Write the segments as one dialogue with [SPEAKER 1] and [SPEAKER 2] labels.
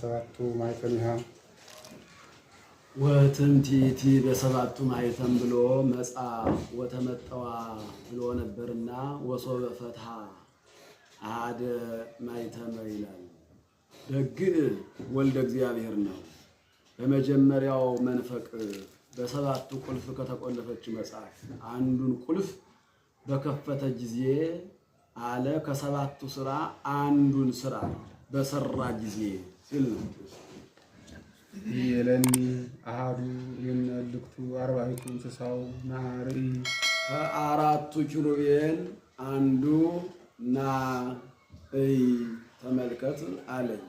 [SPEAKER 1] ሰባቱ ማይተሚሃ
[SPEAKER 2] ወትምቲቲ በሰባቱ ማይተም ብሎ መጻ ወተመጠዋ ብሎ ነበርና ወሶበ ፈትሃ አደ ማይተመ ይላል። ደግ ወልደ እግዚአብሔር ነው። በመጀመሪያው መንፈቅ በሰባቱ ቁልፍ ከተቆለፈች መጽሐፍ አንዱን ቁልፍ በከፈተ ጊዜ አለ ከሰባቱ ስራ አንዱን ስራ በሰራ ጊዜ ሲል
[SPEAKER 1] የለኒ አሃዱ የምነልክቱ አርባዕቱ እንስሳው ናሪ
[SPEAKER 2] ከአራቱ ኪሩቤል አንዱ ና እይ ተመልከት አለኝ።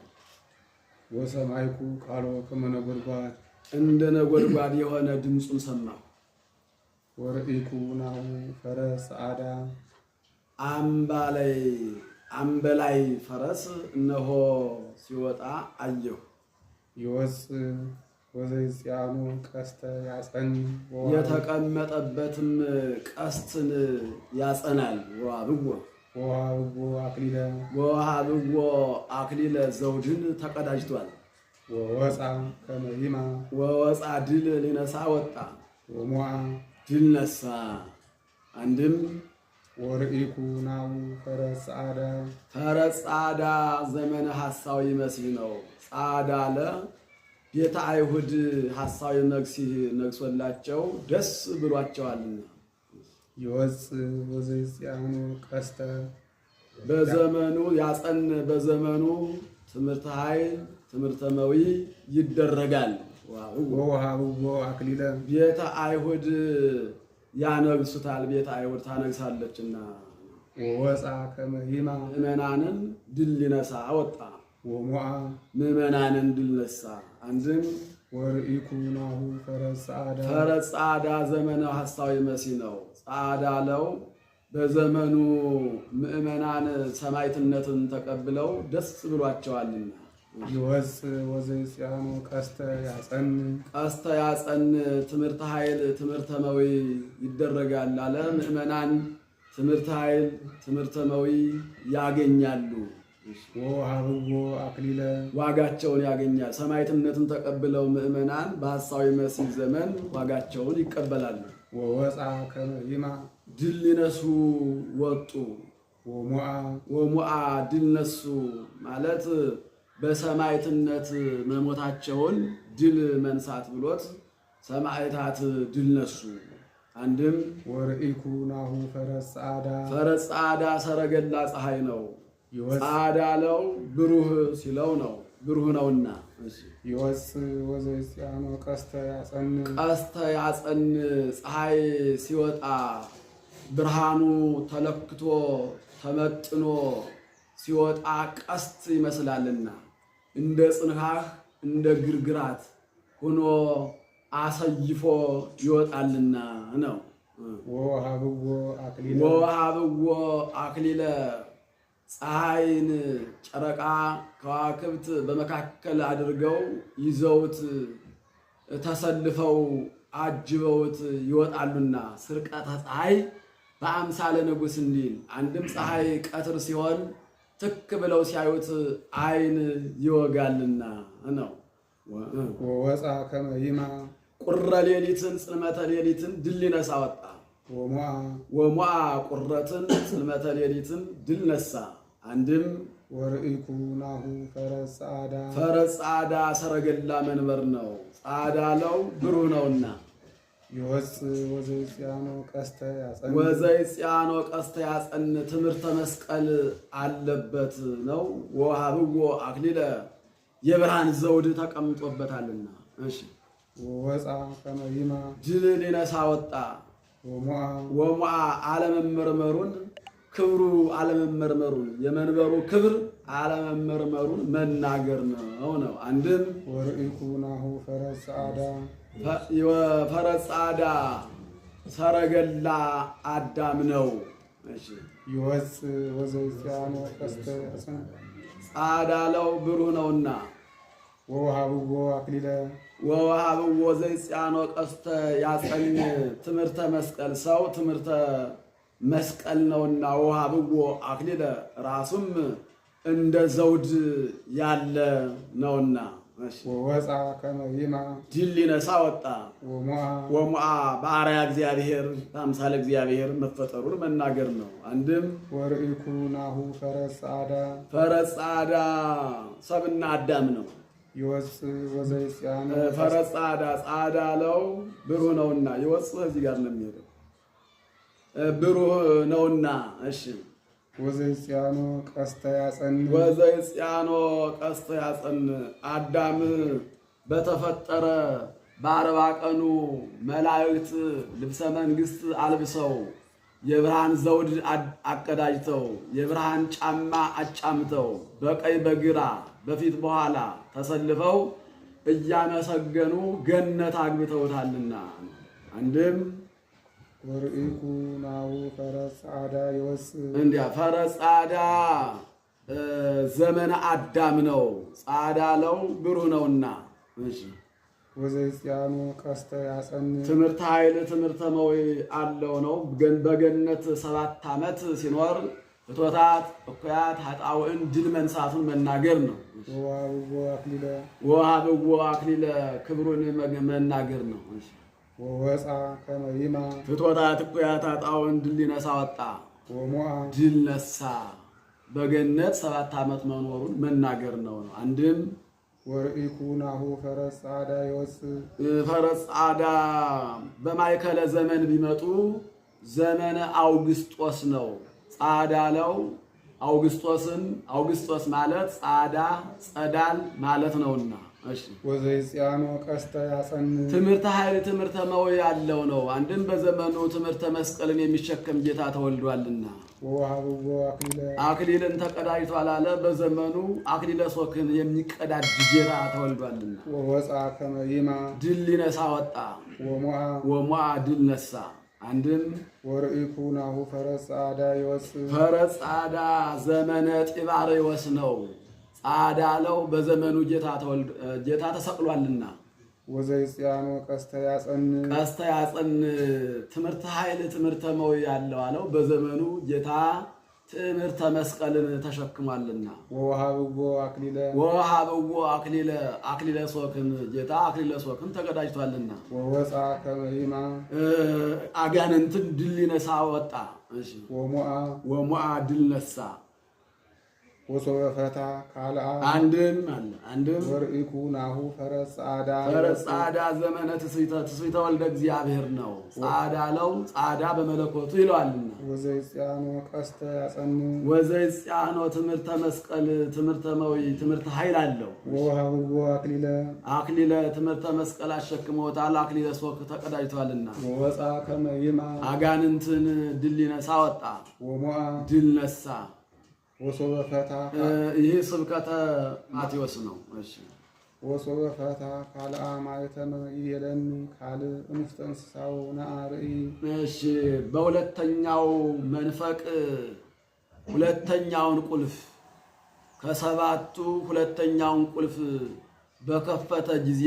[SPEAKER 1] ወሰማይኩ ቃሎ ከመ ነጎድጓድ
[SPEAKER 2] እንደ ነጎድጓድ የሆነ ድምፁን ሰማሁ።
[SPEAKER 1] ወርኢኩ ናሁ ፈረስ ጸዓዳ
[SPEAKER 2] አምባ ላይ አንበላይ ፈረስ እነሆ ሲወጣ አየሁ።
[SPEAKER 1] ይወጽእ ወዘይጽአኑ ቀስተ ያጸን
[SPEAKER 2] የተቀመጠበትም ቀስትን ያጸናል። ወሀብዎ
[SPEAKER 1] ወሀብዎ አክሊለ
[SPEAKER 2] ወሀብዎ አክሊለ ዘውድን ተቀዳጅቷል።
[SPEAKER 1] ወወፃ ከመሂማ
[SPEAKER 2] ወወፃ ድል ሊነሳ ወጣ ወሞአ ድል ነሳ አንድም
[SPEAKER 1] ወርኢኩ ፈረጻዳ ፈረጻዳ ጻዳ
[SPEAKER 2] ፈረስ ጻዳ ዘመነ ሐሳዊ መሲህ ነው። ጻዳ አለ ቤተ አይሁድ ሐሳዊ መሲህ ነግሶላቸው ደስ ብሏቸዋልና።
[SPEAKER 1] ይወጽእ ወዘይጽአኑ ቀስተ
[SPEAKER 2] በዘመኑ ያጸን በዘመኑ ትምህርተ ኃይል ትምህርተ መዊ ይደረጋል።
[SPEAKER 1] ወውሃብዎ አክሊለ
[SPEAKER 2] ቤተ አይሁድ ያነግሱታል ቤት አይሁድ ታነግሳለችና
[SPEAKER 1] ወፃ ከመሂማ
[SPEAKER 2] ምእመናንን ድል ሊነሳ አወጣ ወሞአ ምእመናንን ድል ነሳ። አንድም
[SPEAKER 1] ወርኢኩ ናሁ
[SPEAKER 2] ፈረስ ጻዕዳ ዘመነ ሐሳዊ መሲ ነው። ጻዕዳ ለው በዘመኑ ምእመናን ሰማይትነትን ተቀብለው ደስ ብሏቸዋልና
[SPEAKER 1] ይወስ ይወፅ ወዘይጽያኖ ቀስተ ያጸን
[SPEAKER 2] ቀስተ ያጸን ትምህርተ ኃይል ትምህርተ መዊ ይደረጋል አለ። ምዕመናን ትምህርተ ኃይል ትምህርተ መዊ ያገኛሉ።
[SPEAKER 1] ወሀብዎ አክሊለ
[SPEAKER 2] ዋጋቸውን ያገኛል። ሰማዕትነትን ተቀብለው ምዕመናን በሐሳዊ መሲህ ዘመን ዋጋቸውን ይቀበላሉ።
[SPEAKER 1] ወወፃ ከመሂማ
[SPEAKER 2] ድል ሊነሱ ወጡ። ወሞአ ድል ነሱ ማለት በሰማዕትነት መሞታቸውን ድል መንሳት ብሎት ሰማዕታት ድል ነሱ። አንድም
[SPEAKER 1] ወርኢኩ ናሁ ፈረስ ጸዓዳ
[SPEAKER 2] ፈረስ ጸዓዳ ሰረገላ ፀሐይ ነው። ጸዓዳ ለው ብሩህ ሲለው ነው ብሩህ ነውና
[SPEAKER 1] ይወፅ ወዘይጽአኖ ቀስተ ያጸን
[SPEAKER 2] ቀስተ ያጸን ፀሐይ ሲወጣ ብርሃኑ ተለክቶ ተመጥኖ ሲወጣ ቀስት ይመስላልና እንደ ጽንሃህ እንደ ግርግራት ሆኖ አሰይፎ ይወጣልና ነው። ወሃብዎ አክሊለ ፀሐይን፣ ጨረቃ፣ ከዋክብት በመካከል አድርገው ይዘውት ተሰልፈው አጅበውት ይወጣሉና ስርቀተ ፀሐይ በአምሳለ ንጉሥ እንዲል አንድም ፀሐይ ቀትር ሲሆን ትክ ብለው ሲያዩት አይን ይወጋልና ነው።
[SPEAKER 1] ወፃ ከመ
[SPEAKER 2] ቁረ ሌሊትን ጽልመተ ሌሊትን ድል ይነሳ ወጣ። ወሞአ ቁረትን ጽልመተ ሌሊትን ድል ነሳ። አንድም
[SPEAKER 1] ወርኢኩ ናሁ ፈረስ ጸዓዳ፣
[SPEAKER 2] ፈረስ ሰረገላ መንበር ነው። ጻዳ ለው ብሩህ ነውና
[SPEAKER 1] ወዘይጽያኖ ቀስተ
[SPEAKER 2] ያጸን ትምህርተ መስቀል አለበት ነው። ወሃብዎ አክሊለ የብርሃን ዘውድ ተቀምጦበታልና። እሺ ወፃ ድል ሊነሳ ወጣ። ወሙዓ አለመመርመሩን ክብሩ አለመመርመሩን የመንበሩ ክብር አለመመርመሩን መናገር ነው ነው አንድም
[SPEAKER 1] ወርኢኩናሁ
[SPEAKER 2] ናሁ ፈረስ ጸዓዳ ሰረገላ አዳም ነው።
[SPEAKER 1] ይወፅ ወዘይሲያኖ ቀስተ
[SPEAKER 2] ጸዓዳ ለው ብሩህ ነውና
[SPEAKER 1] ወውሃብዎ አክሊለ
[SPEAKER 2] ወውሃብዎ ዘይሲያኖ ቀስተ ያጸን ትምህርተ መስቀል ሰው ትምህርተ መስቀል ነውና ወውሃብዎ አክሊለ ራሱም እንደ ዘውድ ያለ ነውና
[SPEAKER 1] ወፃ ከመቢማ
[SPEAKER 2] ድል ሊነሳ ወጣ ወሙአ በአርአያ እግዚአብሔር በአምሳለ እግዚአብሔር መፈጠሩን መናገር ነው። አንድም
[SPEAKER 1] ወርኢኩ ናሁ ፈረስ ጸዓዳ
[SPEAKER 2] ፈረስ ጸዓዳ ሰብና አዳም ነው።
[SPEAKER 1] ይወፅ ወዘይፅያን
[SPEAKER 2] ፈረስ ጻዳ ጸዓዳ ለው ብሩህ ነውና ይወፅ እዚህ ጋር ነው የሚሄደው ብሩህ ነውና እሺ
[SPEAKER 1] ወዘይጽያኖ ቀስተ ያጸን
[SPEAKER 2] ወዘይጽያኖ ቀስተ ያጸን አዳም በተፈጠረ በአርባ ቀኑ መላእክት ልብሰ መንግሥት አልብሰው የብርሃን ዘውድ አቀዳጅተው የብርሃን ጫማ አጫምተው በቀኝ በግራ በፊት በኋላ ተሰልፈው እያመሰገኑ ገነት አግብተውታልና አንድም
[SPEAKER 1] ወርኢኩ ናሁ ፈረስ ጸዓዳ ይወስድ
[SPEAKER 2] እንዲያ ፈረስ ጸዓዳ ዘመነ አዳም ነው። ጻዳ ለው ብሩህ ነውና እሺ
[SPEAKER 1] ወዘይጽያኑ ቀስተ ያጸን
[SPEAKER 2] ትምህርተ ኃይል ትምህርተ መዊ አለው ነው። በገነት ሰባት ዓመት ሲኖር እቶታት እኩያት ሀጣውዕን ድል መንሳቱን መናገር ነው። ወሃብዎ አክሊለ ክብሩን መናገር ነው። እሺ
[SPEAKER 1] ወወፃ ከመይማ
[SPEAKER 2] ፍትወታ ትቁያታ ጣውን ድል ሊነሳ ወጣ ወሞአ ድል ነሳ። በገነት ሰባት ዓመት መኖሩን መናገር ነው ነው። አንድም
[SPEAKER 1] ፈረስ ጻዳ
[SPEAKER 2] ፈረስ ጻዳ በማይከለ ዘመን ቢመጡ ዘመነ አውግስጦስ ነው። ጻዳ ለው አውግስጦስን አውግስጦስ ማለት ጻዳ ጸዳል ማለት ነውና
[SPEAKER 1] ወዘይጽያኖ ቀስተ ያጸን
[SPEAKER 2] ትምህርተ ኃይል ትምህርተ መው ያለው ነው። አንድም በዘመኑ ትምህርተ መስቀልን የሚሸከም ጌታ ተወልዷልና አክሊልን ተቀዳጅቷል አለ። በዘመኑ አክሊለ ሶክን የሚቀዳጅ ጌታ ተወልዷልና
[SPEAKER 1] ወወፃ ከመይማ
[SPEAKER 2] ድል ሊነሳ ወጣ ወሞአ ድል ነሳ። አንድም
[SPEAKER 1] ወርኢኩ ናሁ ፈረስ ጸዓዳ ይወስ
[SPEAKER 2] ፈረስ ጸዓዳ ዘመነ ጢባሬዎስ ነው። አዳለው በዘመኑ ጌታ ተወልዶ ጌታ ተሰቅሏልና
[SPEAKER 1] ወዘይጽያኖ ቀስተ ያጸን
[SPEAKER 2] ቀስተ ያጸን ትምህርተ ኃይል ትምህርተ መዊ ያለው አለው በዘመኑ ጌታ ትምህርተ መስቀልን ተሸክሟልና
[SPEAKER 1] ወሃብዎ አክሊለ
[SPEAKER 2] ወሃብዎ አክሊለ አክሊለ ሶክን ጌታ አክሊለ ሶክን ተቀዳጅቷልና
[SPEAKER 1] ወወፃ ከበሂማ
[SPEAKER 2] አጋንንትን ድል ነሳ ወጣ ወሞአ ወሞአ ድል ነሳ
[SPEAKER 1] ወሶበ ፈታ ካልአ
[SPEAKER 2] አንድም አለ አንድም
[SPEAKER 1] ወርኢኩ ናሁ ፈረስ ጻዳ
[SPEAKER 2] ፈረስ ጻዳ ዘመነ ትስይተ ወልደ እግዚአብሔር ነው። ጻዳ ለው ጻዳ በመለኮቱ ይለዋልና
[SPEAKER 1] ወዘይጽያኖ ቀስተ ያጸኑ
[SPEAKER 2] ወዘይጽያኖ ትምህርተ መስቀል ትምህርተ መዊ ትምህርተ ኃይል አለው።
[SPEAKER 1] ወሃው አክሊለ
[SPEAKER 2] አክሊለ ትምህርተ መስቀል አሸክመውታል። አክሊለ ሶክ ተቀዳጅቷልና
[SPEAKER 1] ወፃ ከመይማ
[SPEAKER 2] አጋንንትን ድል ይነሳ ወጣ ወሞአ ድል ነሳ
[SPEAKER 1] ወሶበ ፈታ
[SPEAKER 2] ይህ ስብከተ ማቴዎስ ነው። እሺ
[SPEAKER 1] ወሶበ ፈታ ካልአ እንስሳው ነአርኢ።
[SPEAKER 2] እሺ በሁለተኛው መንፈቅ ሁለተኛውን ቁልፍ ከሰባቱ ሁለተኛውን ቁልፍ በከፈተ ጊዜ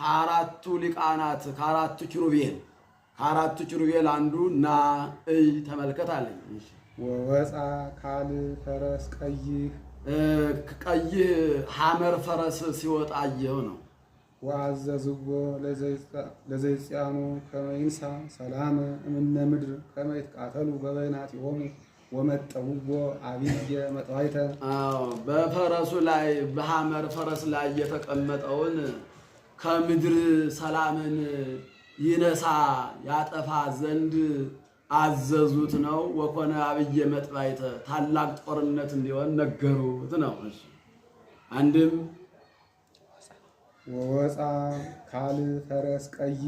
[SPEAKER 2] ከአራቱ ሊቃናት ከአራቱ ኪሩቤል ከአራቱ ኪሩቤል አንዱ ና እይ ተመልከት አለኝ።
[SPEAKER 1] ወወፃ ካል ፈረስ ቀይህ
[SPEAKER 2] ቀይህ ሐመር ፈረስ ሲወጣ አየው ነው።
[SPEAKER 1] ወአዘዝዎ ለዘይጽያኑ ከመይንሳ ሰላመ እምነ ምድር ከመይትቃተሉ በበይናት ይሆኑ ወመጠውዎ አብየ መጥዋይተ።
[SPEAKER 2] በፈረሱ ላይ በሐመር ፈረስ ላይ የተቀመጠውን ከምድር ሰላምን ይነሳ ያጠፋ ዘንድ አዘዙት ነው። ወኮነ አብየ መጥባይተ ታላቅ ጦርነት እንዲሆን ነገሩት ነው። አንድም
[SPEAKER 1] ወወፃ ካል ፈረስ ቀይ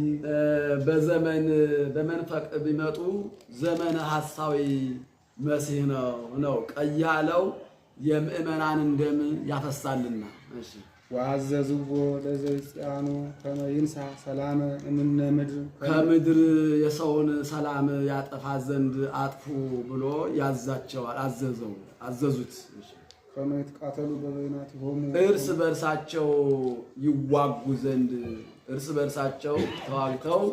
[SPEAKER 2] በዘመን በመንፈቅ ቢመጡ ዘመነ ሐሳዊ መሲህ ነው ነው ቀይ ያለው የምእመናን ደም ያፈሳልና። እሺ
[SPEAKER 1] ወአዘዝዎ ለዘይጽያኑ ከመ ይንሣ ሰላመ እምነ ምድር
[SPEAKER 2] ከምድር የሰውን ሰላም ያጠፋ ዘንድ አጥፉ ብሎ ያዛቸዋል። አዘዘው አዘዙት።
[SPEAKER 1] ከመ ይትቃተሉ በበይናቲሆሙ
[SPEAKER 2] እርስ በእርሳቸው ይዋጉ ዘንድ እርስ በእርሳቸው ተዋግተው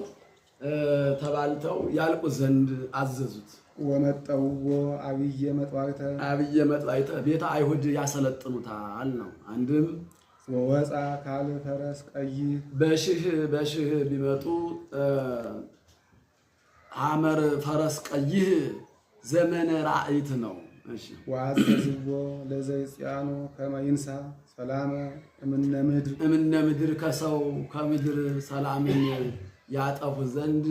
[SPEAKER 2] ተባልተው ያልቁ ዘንድ አዘዙት።
[SPEAKER 1] ወመጠውዎ አብየ መጥዋዕተ
[SPEAKER 2] አብየ መጥዋዕተ ቤተ አይሁድ ያሰለጥኑታል ነው አንድም
[SPEAKER 1] ወፃ ካል ፈረስ ቀይ
[SPEAKER 2] በሽህ በሽህ ቢመጡ ሐመር ፈረስ ቀይህ ዘመነ ራእይት ነው።
[SPEAKER 1] ዋዘዝቦ ለዘይጽያኖ ከመይንሳ ሰላመ እምነ ምድር
[SPEAKER 2] እምነ ምድር ከሰው ከምድር ሰላምን ያጠፉ ዘንድ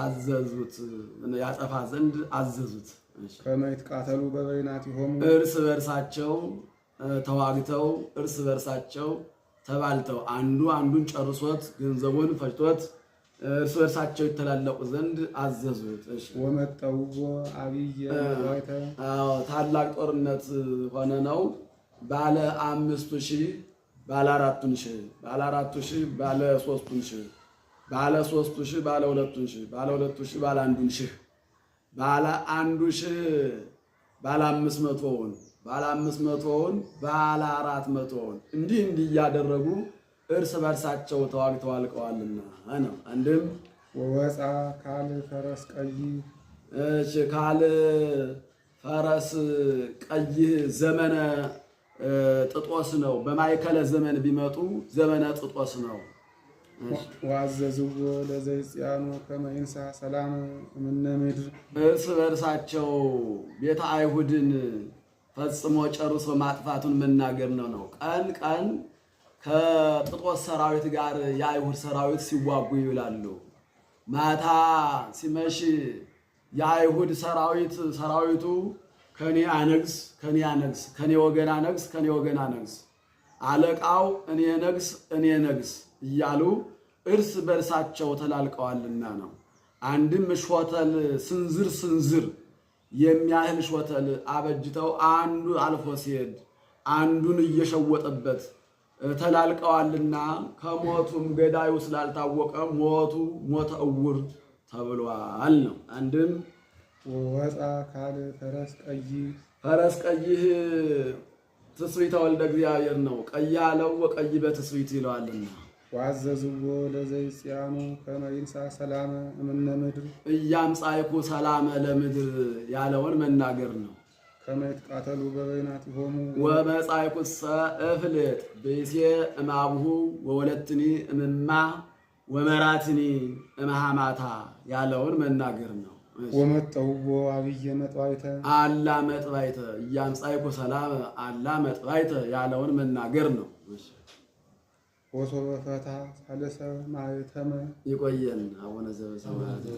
[SPEAKER 2] አዘዙት ያጠፋ ዘንድ አዘዙት።
[SPEAKER 1] ከመይት ቃተሉ በበይናት ይሆሙ
[SPEAKER 2] እርስ በእርሳቸው ተዋግተው እርስ በርሳቸው ተባልተው አንዱ አንዱን ጨርሶት ገንዘቡን ፈጭቶት እርስ በርሳቸው ይተላለቁ ዘንድ አዘዙት።
[SPEAKER 1] ወመጠውዎ አብይ
[SPEAKER 2] ታላቅ ጦርነት ሆነ ነው። ባለ አምስቱ ሺህ ባለ አራቱን ሺህ ባለ አራቱ ሺህ ባለ ሶስቱን ሺህ ባለ ሶስቱ ሺህ ባለ ሁለቱን ሺህ ባለ ሁለቱ ሺህ ባለ አንዱን ሺህ ባለ አንዱ ሺህ ባለ አምስት መቶውን ባለ አምስት መቶውን ባለ አራት መቶውን እንዲህ እንዲህ እያደረጉ እርስ በርሳቸው ተዋግተው አልቀዋልና ነው። አንድም
[SPEAKER 1] ወወፃ ካል ፈረስ ቀይ
[SPEAKER 2] እሺ፣ ካል ፈረስ ቀይ ዘመነ ጥጦስ ነው። በማይከለ ዘመን ቢመጡ ዘመነ ጥጦስ ነው።
[SPEAKER 1] ዋዘዝዎ ለዘይጽያኑ ከመይንሳ ሰላም እምነ ምድር
[SPEAKER 2] እርስ በርሳቸው ቤተ አይሁድን ፈጽሞ ጨርሶ ማጥፋቱን መናገር ነው ነው ቀን ቀን ከጥጦስ ሰራዊት ጋር የአይሁድ ሰራዊት ሲዋጉ ይውላሉ። ማታ ሲመሽ የአይሁድ ሰራዊት ሰራዊቱ ከኔ አነግስ ከኔ አነግስ ከኔ ወገን አነግስ ከኔ ወገን አነግስ አለቃው እኔ ነግስ እኔ ነግስ እያሉ እርስ በእርሳቸው ተላልቀዋልና ነው። አንድም ሾተል ስንዝር ስንዝር የሚያህል ሾተል አበጅተው አንዱ አልፎ ሲሄድ አንዱን እየሸወጠበት ተላልቀዋልና ከሞቱም ገዳዩ ስላልታወቀ ሞቱ ሞተ እውር ተብሏል ነው። አንድም
[SPEAKER 1] ወፃ ካል ፈረስ ቀይ
[SPEAKER 2] ፈረስ ቀይህ ትስብእተ ወልደ እግዚአብሔር ነው። ቀይ አለው ወቀይ በትስብእት ይለዋልና
[SPEAKER 1] ወአዘዝዎ ለዘይጽያኑ ከመ ይንሣ ሰላመ እምነ ምድር
[SPEAKER 2] እያምጻይኩ ሰላመ ለምድር ያለውን መናገር ነው።
[SPEAKER 1] ከመ ይትቃተሉ ሆሙ
[SPEAKER 2] ወመጻይኩሰ እፍልጥ ብእሴ እማብሁ ወወለትኒ እምማ ወመራትኒ እመሃማታ ያለውን መናገር ነው።
[SPEAKER 1] ወመጠውዎ አብየ መጥባይተ
[SPEAKER 2] አላ መጥባይተ እያምጻይኩ ሰላመ አላ መጥባይተ ያለውን መናገር ነው።
[SPEAKER 1] ወሶበ ፈታ ሳልሰ ማኅተመ
[SPEAKER 2] ይቆየን። አቡነ ዘበሰማያት